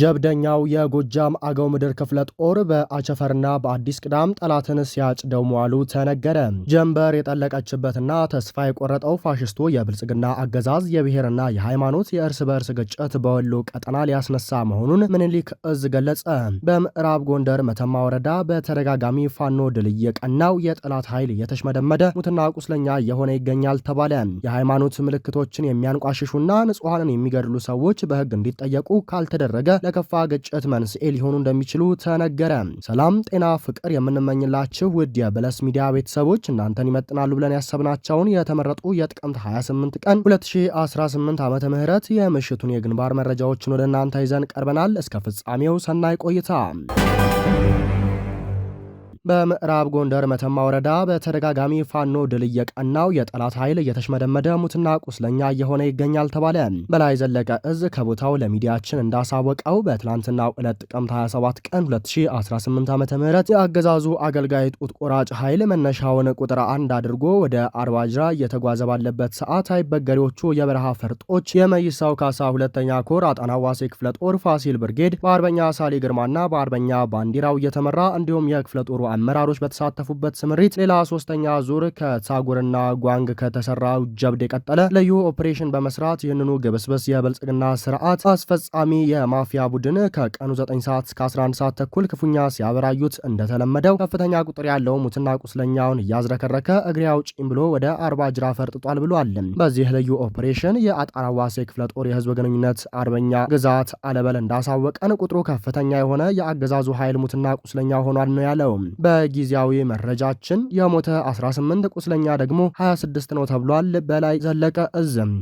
ጀብደኛው የጎጃም አገው ምድር ክፍለ ጦር በአቸፈርና በአዲስ ቅዳም ጠላትን ሲያጭደው መዋሉ ተነገረ። ጀንበር የጠለቀችበትና ተስፋ የቆረጠው ፋሽስቱ የብልጽግና አገዛዝ የብሔርና የሃይማኖት የእርስ በእርስ ግጭት በወሎ ቀጠና ሊያስነሳ መሆኑን ምኒልክ እዝ ገለጸ። በምዕራብ ጎንደር መተማ ወረዳ በተደጋጋሚ ፋኖ ድል እየቀናው የጠላት ኃይል የተሽመደመደ ሙትና ቁስለኛ የሆነ ይገኛል ተባለ። የሃይማኖት ምልክቶችን የሚያንቋሽሹና ንጹሐንን የሚገድሉ ሰዎች በህግ እንዲጠየቁ ካልተደረገ ለከፋ ግጭት መንስኤ ሊሆኑ እንደሚችሉ ተነገረ። ሰላም፣ ጤና፣ ፍቅር የምንመኝላችሁ ውድ የበለስ ሚዲያ ቤተሰቦች እናንተን ይመጥናሉ ብለን ያሰብናቸውን የተመረጡ የጥቅምት 28 ቀን 2018 ዓመተ ምህረት የምሽቱን የግንባር መረጃዎችን ወደ እናንተ ይዘን ቀርበናል። እስከ ፍጻሜው ሰናይ ቆይታ በምዕራብ ጎንደር መተማ ወረዳ በተደጋጋሚ ፋኖ ድል እየቀናው የጠላት ኃይል እየተሽመደመደ ሙትና ቁስለኛ እየሆነ ይገኛል ተባለ። በላይ ዘለቀ እዝ ከቦታው ለሚዲያችን እንዳሳወቀው በትላንትናው ዕለት ጥቅምት 27 ቀን 2018 ዓ ም የአገዛዙ አገልጋይ ጡት ቆራጭ ኃይል መነሻውን ቁጥር አንድ አድርጎ ወደ አርባጅራ እየተጓዘ ባለበት ሰዓት አይበገሬዎቹ የበረሃ ፈርጦች የመይሳው ካሳ ሁለተኛ ኮር አጣናዋሴ ክፍለ ጦር ፋሲል ብርጌድ በአርበኛ ሳሊ ግርማና በአርበኛ ባንዲራው እየተመራ እንዲሁም የክፍለ ጦሩ አመራሮች በተሳተፉበት ስምሪት ሌላ ሶስተኛ ዙር ከሳጉርና ጓንግ ከተሰራ ጀብድ የቀጠለ ልዩ ኦፕሬሽን በመስራት ይህንኑ ግብስብስ የብልጽግና ስርዓት አስፈጻሚ የማፊያ ቡድን ከቀኑ 9 ሰዓት እስከ 11 ሰዓት ተኩል ክፉኛ ሲያበራዩት እንደተለመደው ከፍተኛ ቁጥር ያለው ሙትና ቁስለኛውን እያዝረከረከ እግሬ አውጪኝ ብሎ ወደ አርባ ጅራ ፈርጥጧል ብሏል። በዚህ ልዩ ኦፕሬሽን የአጣራዋሴ ክፍለ ጦር የህዝብ ግንኙነት አርበኛ ግዛት አለበል እንዳሳወቀን ቁጥሩ ከፍተኛ የሆነ የአገዛዙ ኃይል ሙትና ቁስለኛ ሆኗል ነው ያለው። በጊዜያዊ መረጃችን የሞተ 18 ቁስለኛ ደግሞ 26 ነው ተብሏል። በላይ ዘለቀ እዝም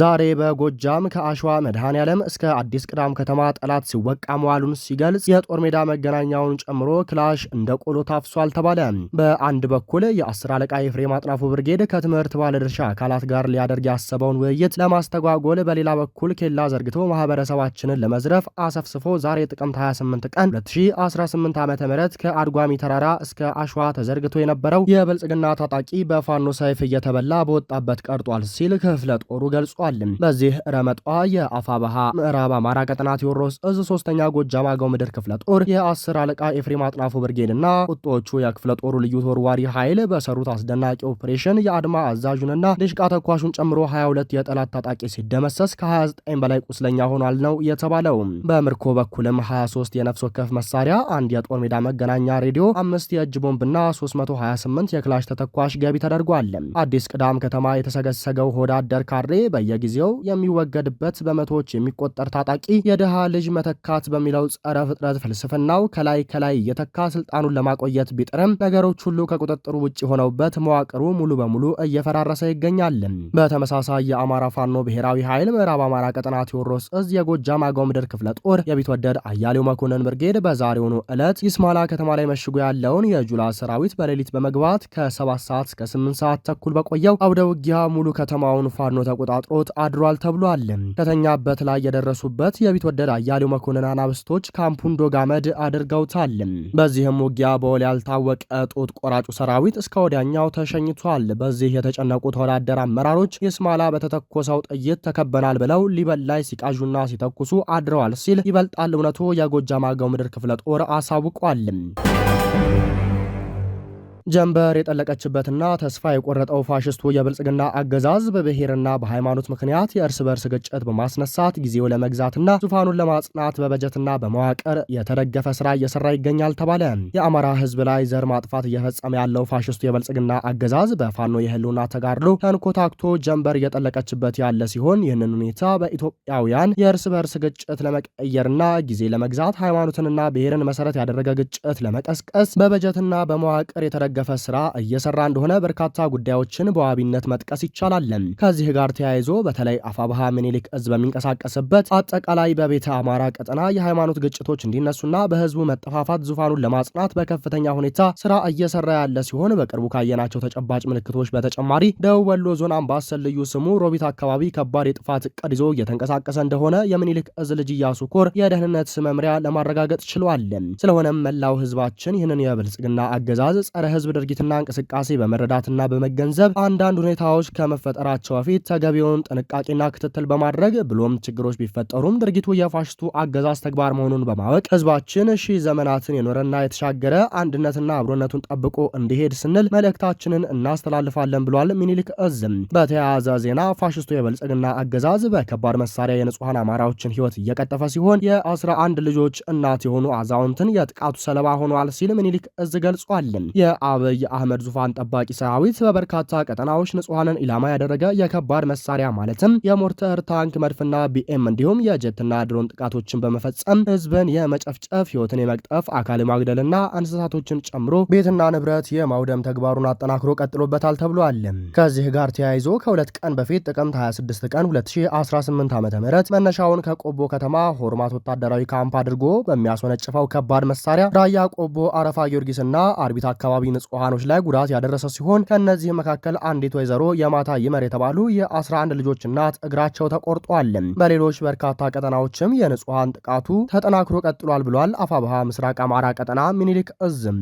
ዛሬ በጎጃም ከአሸዋ መድኃኔዓለም እስከ አዲስ ቅዳም ከተማ ጠላት ሲወቃ መዋሉን ሲገልጽ የጦር ሜዳ መገናኛውን ጨምሮ ክላሽ እንደ ቆሎ ታፍሷል ተባለ። በአንድ በኩል የአስር አለቃ የፍሬ ማጥናፉ ብርጌድ ከትምህርት ባለድርሻ አካላት ጋር ሊያደርግ ያሰበውን ውይይት ለማስተጓጎል፣ በሌላ በኩል ኬላ ዘርግቶ ማህበረሰባችንን ለመዝረፍ አሰፍስፎ ዛሬ ጥቅምት 28 ቀን 2018 ዓ ም ከአድጓሚ ተራራ እስከ አሸዋ ተዘርግቶ የነበረው የብልጽግና ታጣቂ በፋኖ ሰይፍ እየተበላ በወጣበት ቀርጧል ሲል ክፍለ ጦሩ ገልጿል። ገልጿል። በዚህ ረመጧ የአፋባሃ ምዕራብ አማራ ቀጠና ቴዎድሮስ እዝ ሶስተኛ ጎጃም አገው ምድር ክፍለ ጦር የአስር አለቃ ኤፍሬም አጥናፉ ብርጌድና ቁጦዎቹ የክፍለ ጦሩ ልዩ ተወርዋሪ ኃይል በሰሩት አስደናቂ ኦፕሬሽን የአድማ አዛዡንና ድሽቃ ተኳሹን ጨምሮ 22 የጠላት ታጣቂ ሲደመሰስ ከ29 በላይ ቁስለኛ ሆኗል ነው የተባለው። በምርኮ በኩልም 23 የነፍስ ወከፍ መሳሪያ፣ አንድ የጦር ሜዳ መገናኛ ሬዲዮ፣ አምስት የእጅ ቦምብና 328 የክላሽ ተተኳሽ ገቢ ተደርጓል። አዲስ ቅዳም ከተማ የተሰገሰገው ሆዳደር ካሬ በየ በየጊዜው የሚወገድበት በመቶዎች የሚቆጠር ታጣቂ የድሃ ልጅ መተካት በሚለው ጸረ ፍጥረት ፍልስፍናው ከላይ ከላይ እየተካ ስልጣኑን ለማቆየት ቢጥርም ነገሮች ሁሉ ከቁጥጥሩ ውጭ ሆነውበት መዋቅሩ ሙሉ በሙሉ እየፈራረሰ ይገኛል። በተመሳሳይ የአማራ ፋኖ ብሔራዊ ኃይል ምዕራብ አማራ ቀጠና ቴዎድሮስ እዝ የጎጃም አገው ምድር ክፍለ ጦር የቢትወደድ አያሌው መኮንን ብርጌድ በዛሬውኑ ዕለት ይስማላ ከተማ ላይ መሽጎ ያለውን የጁላ ሰራዊት በሌሊት በመግባት ከሰባት ሰዓት እስከ 8 ሰዓት ተኩል በቆየው አውደ ውጊያ ሙሉ ከተማውን ፋኖ ተቆጣጥሮ ስርቆት አድሯል ተብሏል። ከተኛበት ላይ የደረሱበት የቢትወደድ አያሌው መኮንን አናብስቶች ካምፑን ዶጋመድ አድርገውታል። በዚህም ውጊያ በወል ያልታወቀ ጦት ቆራጩ ሰራዊት እስከ ወዲያኛው ተሸኝቷል። በዚህ የተጨነቁ ተወዳደር አመራሮች የስማላ በተተኮሰው ጥይት ተከበናል ብለው ሊበል ላይ ሲቃዡና ሲተኩሱ አድረዋል ሲል ይበልጣል እውነቱ የጎጃም አገው ምድር ክፍለ ጦር አሳውቋል። ጀንበር የጠለቀችበትና ተስፋ የቆረጠው ፋሽስቱ የብልጽግና አገዛዝ በብሔርና በሃይማኖት ምክንያት የእርስ በርስ ግጭት በማስነሳት ጊዜው ለመግዛትና ዙፋኑን ለማጽናት በበጀትና በመዋቅር የተደገፈ ስራ እየሰራ ይገኛል ተባለ። የአማራ ህዝብ ላይ ዘር ማጥፋት እየፈጸመ ያለው ፋሽስቱ የብልጽግና አገዛዝ በፋኖ የህልውና ተጋድሎ ተንኮታክቶ ጀንበር እየጠለቀችበት ያለ ሲሆን ይህንን ሁኔታ በኢትዮጵያውያን የእርስ በርስ ግጭት ለመቀየርና ጊዜ ለመግዛት ሃይማኖትንና ብሔርን መሰረት ያደረገ ግጭት ለመቀስቀስ በበጀትና በመዋቅር የተደገ ያልተራገፈ ስራ እየሰራ እንደሆነ በርካታ ጉዳዮችን በዋቢነት መጥቀስ ይቻላል። ከዚህ ጋር ተያይዞ በተለይ አፋብሃ ምኒልክ እዝ በሚንቀሳቀስበት አጠቃላይ በቤተ አማራ ቀጠና የሃይማኖት ግጭቶች እንዲነሱና በህዝቡ መጠፋፋት ዙፋኑን ለማጽናት በከፍተኛ ሁኔታ ስራ እየሰራ ያለ ሲሆን በቅርቡ ካየናቸው ተጨባጭ ምልክቶች በተጨማሪ ደቡብ ወሎ ዞን አምባሰል ልዩ ስሙ ሮቢት አካባቢ ከባድ የጥፋት እቅድ ይዞ እየተንቀሳቀሰ እንደሆነ የምኒልክ እዝ ልጅ እያሱ ኮር የደህንነት መምሪያ ለማረጋገጥ ችሏል። ስለሆነም መላው ህዝባችን ይህንን የብልጽግና አገዛዝ ጸረ ህዝብ የህዝብ ድርጊትና እንቅስቃሴ በመረዳትና በመገንዘብ አንዳንድ ሁኔታዎች ከመፈጠራቸው በፊት ተገቢውን ጥንቃቄና ክትትል በማድረግ ብሎም ችግሮች ቢፈጠሩም ድርጊቱ የፋሽስቱ አገዛዝ ተግባር መሆኑን በማወቅ ህዝባችን ሺህ ዘመናትን የኖረና የተሻገረ አንድነትና አብሮነቱን ጠብቆ እንዲሄድ ስንል መልእክታችንን እናስተላልፋለን ብሏል ሚኒሊክ እዝም። በተያያዘ ዜና ፋሽስቱ የብልጽግና አገዛዝ በከባድ መሳሪያ የንጹሐን አማራዎችን ህይወት እየቀጠፈ ሲሆን የአስራ አንድ ልጆች እናት የሆኑ አዛውንትን የጥቃቱ ሰለባ ሆኗል ሲል ሚኒሊክ እዝ ገልጿል። አብይ አህመድ ዙፋን ጠባቂ ሰራዊት በበርካታ ቀጠናዎች ንጹሐንን ኢላማ ያደረገ የከባድ መሳሪያ ማለትም የሞርተር ታንክ፣ መድፍና ቢኤም እንዲሁም የጀትና ድሮን ጥቃቶችን በመፈጸም ህዝብን የመጨፍጨፍ ህይወትን የመቅጠፍ አካል የማግደልና እንስሳቶችን ጨምሮ ቤትና ንብረት የማውደም ተግባሩን አጠናክሮ ቀጥሎበታል ተብሏል። ከዚህ ጋር ተያይዞ ከሁለት ቀን በፊት ጥቅምት 26 ቀን 2018 ዓ ም መነሻውን ከቆቦ ከተማ ሆርማት ወታደራዊ ካምፕ አድርጎ በሚያስወነጭፈው ከባድ መሳሪያ ራያ ቆቦ አረፋ ጊዮርጊስና አርቢት አካባቢ ንጹሐኖች ላይ ጉዳት ያደረሰ ሲሆን ከእነዚህ መካከል አንዲት ወይዘሮ የማታ ይመር የተባሉ የ11 ልጆች እናት እግራቸው ተቆርጧል። በሌሎች በርካታ ቀጠናዎችም የንጹሐን ጥቃቱ ተጠናክሮ ቀጥሏል ብሏል አፋብሃ ምስራቅ አማራ ቀጠና ሚኒሊክ እዝም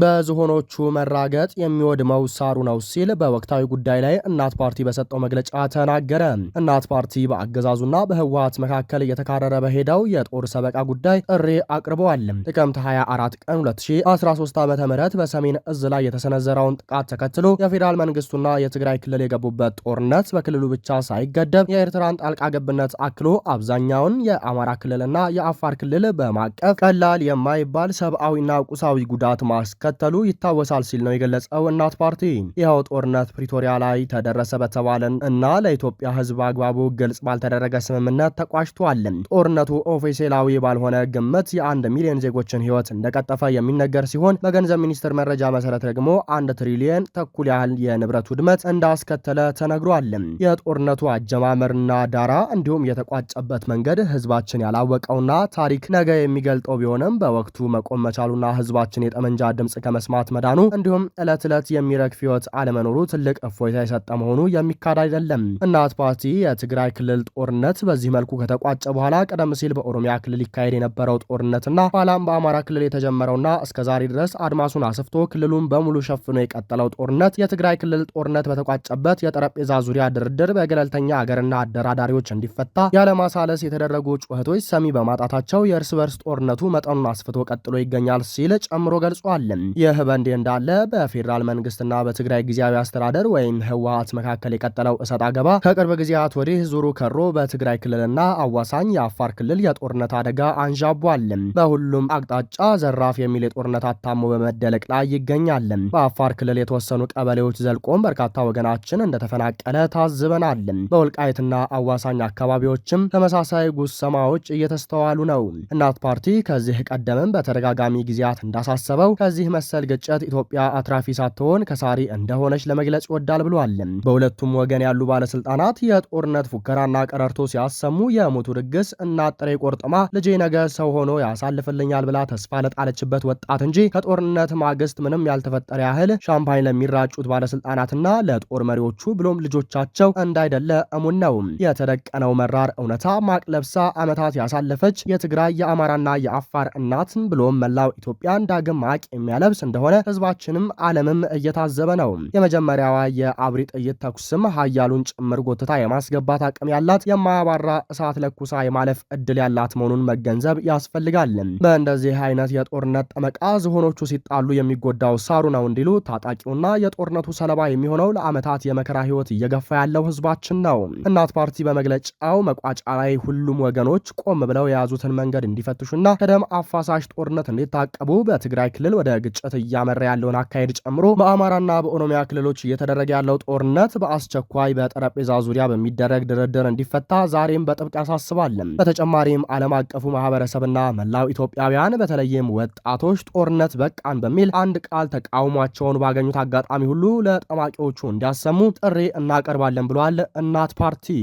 በዝሆኖቹ መራገጥ የሚወድመው ሳሩ ነው ሲል በወቅታዊ ጉዳይ ላይ እናት ፓርቲ በሰጠው መግለጫ ተናገረ። እናት ፓርቲ በአገዛዙና በህወሀት መካከል እየተካረረ በሄደው የጦር ሰበቃ ጉዳይ ጥሪ አቅርበዋል። ጥቅምት 24 ቀን 2013 ዓ ም በሰሜን እዝ ላይ የተሰነዘረውን ጥቃት ተከትሎ የፌዴራል መንግስቱና የትግራይ ክልል የገቡበት ጦርነት በክልሉ ብቻ ሳይገደብ የኤርትራን ጣልቃ ገብነት አክሎ አብዛኛውን የአማራ ክልልና የአፋር ክልል በማቀፍ ቀላል የማይባል ሰብአዊና ቁሳዊ ጉዳት ማስ እንደሚከተሉ ይታወሳል ሲል ነው የገለጸው እናት ፓርቲ። ይኸው ጦርነት ፕሪቶሪያ ላይ ተደረሰ በተባለን እና ለኢትዮጵያ ህዝብ አግባቡ ግልጽ ባልተደረገ ስምምነት ተቋጭቷል። ጦርነቱ ኦፊሴላዊ ባልሆነ ግምት የአንድ ሚሊዮን ዜጎችን ህይወት እንደቀጠፈ የሚነገር ሲሆን በገንዘብ ሚኒስቴር መረጃ መሰረት ደግሞ አንድ ትሪሊየን ተኩል ያህል የንብረት ውድመት እንዳስከተለ ተነግሯል። የጦርነቱ አጀማመርና ዳራ እንዲሁም የተቋጨበት መንገድ ህዝባችን ያላወቀውና ታሪክ ነገ የሚገልጠው ቢሆንም በወቅቱ መቆም መቻሉና ህዝባችን የጠመንጃ ድምፅ ድምፅ ከመስማት መዳኑ እንዲሁም ዕለት ዕለት የሚረግፍ ህይወት አለመኖሩ ትልቅ እፎይታ የሰጠ መሆኑ የሚካድ አይደለም። እናት ፓርቲ የትግራይ ክልል ጦርነት በዚህ መልኩ ከተቋጨ በኋላ ቀደም ሲል በኦሮሚያ ክልል ይካሄድ የነበረው ጦርነትና ኋላም በአማራ ክልል የተጀመረውና እስከ ዛሬ ድረስ አድማሱን አስፍቶ ክልሉን በሙሉ ሸፍኖ የቀጠለው ጦርነት የትግራይ ክልል ጦርነት በተቋጨበት የጠረጴዛ ዙሪያ ድርድር በገለልተኛ አገርና አደራዳሪዎች እንዲፈታ ያለማሳለስ የተደረጉ ጩኸቶች ሰሚ በማጣታቸው የእርስ በርስ ጦርነቱ መጠኑን አስፍቶ ቀጥሎ ይገኛል ሲል ጨምሮ ገልጿል። ይህ በእንዲህ እንዳለ በፌዴራል መንግስትና በትግራይ ጊዜያዊ አስተዳደር ወይም ህወሀት መካከል የቀጠለው እሰጥ አገባ ከቅርብ ጊዜያት ወዲህ ዙሩ ከሮ በትግራይ ክልልና አዋሳኝ የአፋር ክልል የጦርነት አደጋ አንዣቧል። በሁሉም አቅጣጫ ዘራፍ የሚል የጦርነት አታሞ በመደለቅ ላይ ይገኛል። በአፋር ክልል የተወሰኑ ቀበሌዎች ዘልቆም በርካታ ወገናችን እንደተፈናቀለ ታዝበናል። በወልቃይትና አዋሳኝ አካባቢዎችም ተመሳሳይ ጉሰማዎች እየተስተዋሉ ነው። እናት ፓርቲ ከዚህ ቀደምም በተደጋጋሚ ጊዜያት እንዳሳሰበው ከዚህ መሰል ግጭት ኢትዮጵያ አትራፊ ሳትሆን ከሳሪ እንደሆነች ለመግለጽ ይወዳል ብሏል። በሁለቱም ወገን ያሉ ባለስልጣናት የጦርነት ፉከራና ቀረርቶ ሲያሰሙ የሞቱ ድግስ እናት ጥሬ ቆርጥማ ልጄ ነገ ሰው ሆኖ ያሳልፍልኛል ብላ ተስፋ ለጣለችበት ወጣት እንጂ ከጦርነት ማግስት ምንም ያልተፈጠረ ያህል ሻምፓኝ ለሚራጩት ባለስልጣናትና ለጦር መሪዎቹ ብሎም ልጆቻቸው እንዳይደለ እሙን ነው። የተደቀነው መራር እውነታ ማቅለብሳ ዓመታት ያሳለፈች የትግራይ የአማራና የአፋር እናትን ብሎም መላው ኢትዮጵያን ዳግም ማቅ የሚያለ ለብስ እንደሆነ ህዝባችንም ዓለምም እየታዘበ ነው። የመጀመሪያዋ የአብሪ ጥይት ተኩስም ሀያሉን ጭምር ጎትታ የማስገባት አቅም ያላት የማያባራ እሳት ለኩሳ የማለፍ እድል ያላት መሆኑን መገንዘብ ያስፈልጋል። በእንደዚህ አይነት የጦርነት ጠመቃ ዝሆኖቹ ሲጣሉ የሚጎዳው ሳሩ ነው እንዲሉ ታጣቂውና የጦርነቱ ሰለባ የሚሆነው ለአመታት የመከራ ህይወት እየገፋ ያለው ህዝባችን ነው። እናት ፓርቲ በመግለጫው መቋጫ ላይ ሁሉም ወገኖች ቆም ብለው የያዙትን መንገድ እንዲፈትሹና ከደም አፋሳሽ ጦርነት እንዲታቀቡ በትግራይ ክልል ወደ ግጭት እያመራ ያለውን አካሄድ ጨምሮ በአማራና በኦሮሚያ ክልሎች እየተደረገ ያለው ጦርነት በአስቸኳይ በጠረጴዛ ዙሪያ በሚደረግ ድርድር እንዲፈታ ዛሬም በጥብቅ ያሳስባለን። በተጨማሪም ዓለም አቀፉ ማህበረሰብና መላው ኢትዮጵያውያን በተለይም ወጣቶች ጦርነት በቃን በሚል አንድ ቃል ተቃውሟቸውን ባገኙት አጋጣሚ ሁሉ ለጠማቂዎቹ እንዲያሰሙ ጥሪ እናቀርባለን ብሏል እናት ፓርቲ።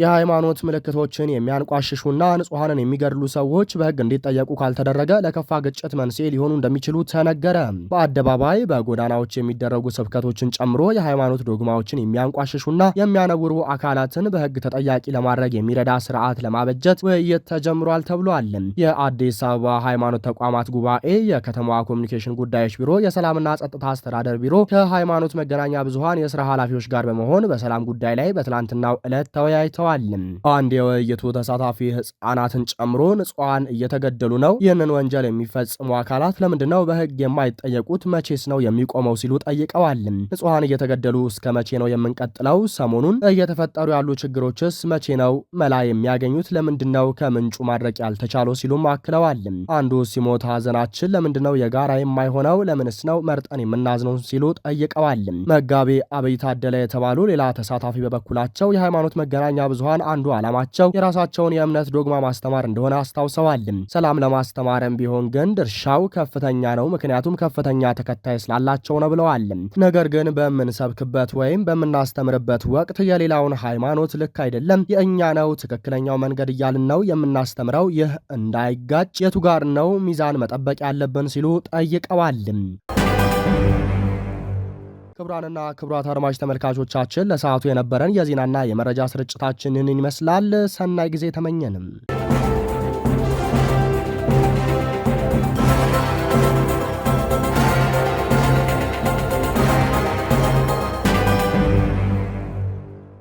የሃይማኖት ምልክቶችን የሚያንቋሽሹና ንጹሐንን የሚገድሉ ሰዎች በህግ እንዲጠየቁ ካልተደረገ ለከፋ ግጭት መንስኤ ሊሆኑ እንደሚችሉ ተነገረ። በአደባባይ በጎዳናዎች የሚደረጉ ስብከቶችን ጨምሮ የሃይማኖት ዶግማዎችን የሚያንቋሽሹና የሚያነውሩ አካላትን በህግ ተጠያቂ ለማድረግ የሚረዳ ስርዓት ለማበጀት ውይይት ተጀምሯል ተብሏል። የአዲስ አበባ ሃይማኖት ተቋማት ጉባኤ፣ የከተማዋ ኮሚኒኬሽን ጉዳዮች ቢሮ፣ የሰላምና ጸጥታ አስተዳደር ቢሮ ከሃይማኖት መገናኛ ብዙሀን የስራ ኃላፊዎች ጋር በመሆን በሰላም ጉዳይ ላይ በትላንትናው ዕለት ተወያይተዋል። ተመልክተዋል። አንድ የውይይቱ ተሳታፊ ህጻናትን ጨምሮ ንጹሐን እየተገደሉ ነው። ይህንን ወንጀል የሚፈጽሙ አካላት ለምንድነው በህግ የማይጠየቁት? መቼስ ነው የሚቆመው? ሲሉ ጠይቀዋል። ንጹሐን እየተገደሉ እስከ መቼ ነው የምንቀጥለው? ሰሞኑን እየተፈጠሩ ያሉ ችግሮችስ መቼ ነው መላ የሚያገኙት? ለምንድነው ከምንጩ ማድረቅ ያልተቻለው? ሲሉም አክለዋል። አንዱ ሲሞት ሀዘናችን ለምንድነው የጋራ የማይሆነው? ለምንስ ነው መርጠን የምናዝነው? ሲሉ ጠይቀዋል። መጋቤ አብይ ታደለ የተባሉ ሌላ ተሳታፊ በበኩላቸው የሃይማኖት መገናኛ ብዙሃን አንዱ ዓላማቸው የራሳቸውን የእምነት ዶግማ ማስተማር እንደሆነ አስታውሰዋል። ሰላም ለማስተማርም ቢሆን ግን ድርሻው ከፍተኛ ነው፣ ምክንያቱም ከፍተኛ ተከታይ ስላላቸው ነው ብለዋል። ነገር ግን በምንሰብክበት ወይም በምናስተምርበት ወቅት የሌላውን ሃይማኖት ልክ አይደለም፣ የእኛ ነው ትክክለኛው መንገድ እያልን ነው የምናስተምረው። ይህ እንዳይጋጭ የቱ ጋር ነው ሚዛን መጠበቅ ያለብን ሲሉ ጠይቀዋል። ክቡራንና ክቡራት አድማጭ ተመልካቾቻችን ለሰዓቱ የነበረን የዜናና የመረጃ ስርጭታችን ይህንን ይመስላል። ሰናይ ጊዜ ተመኘንም።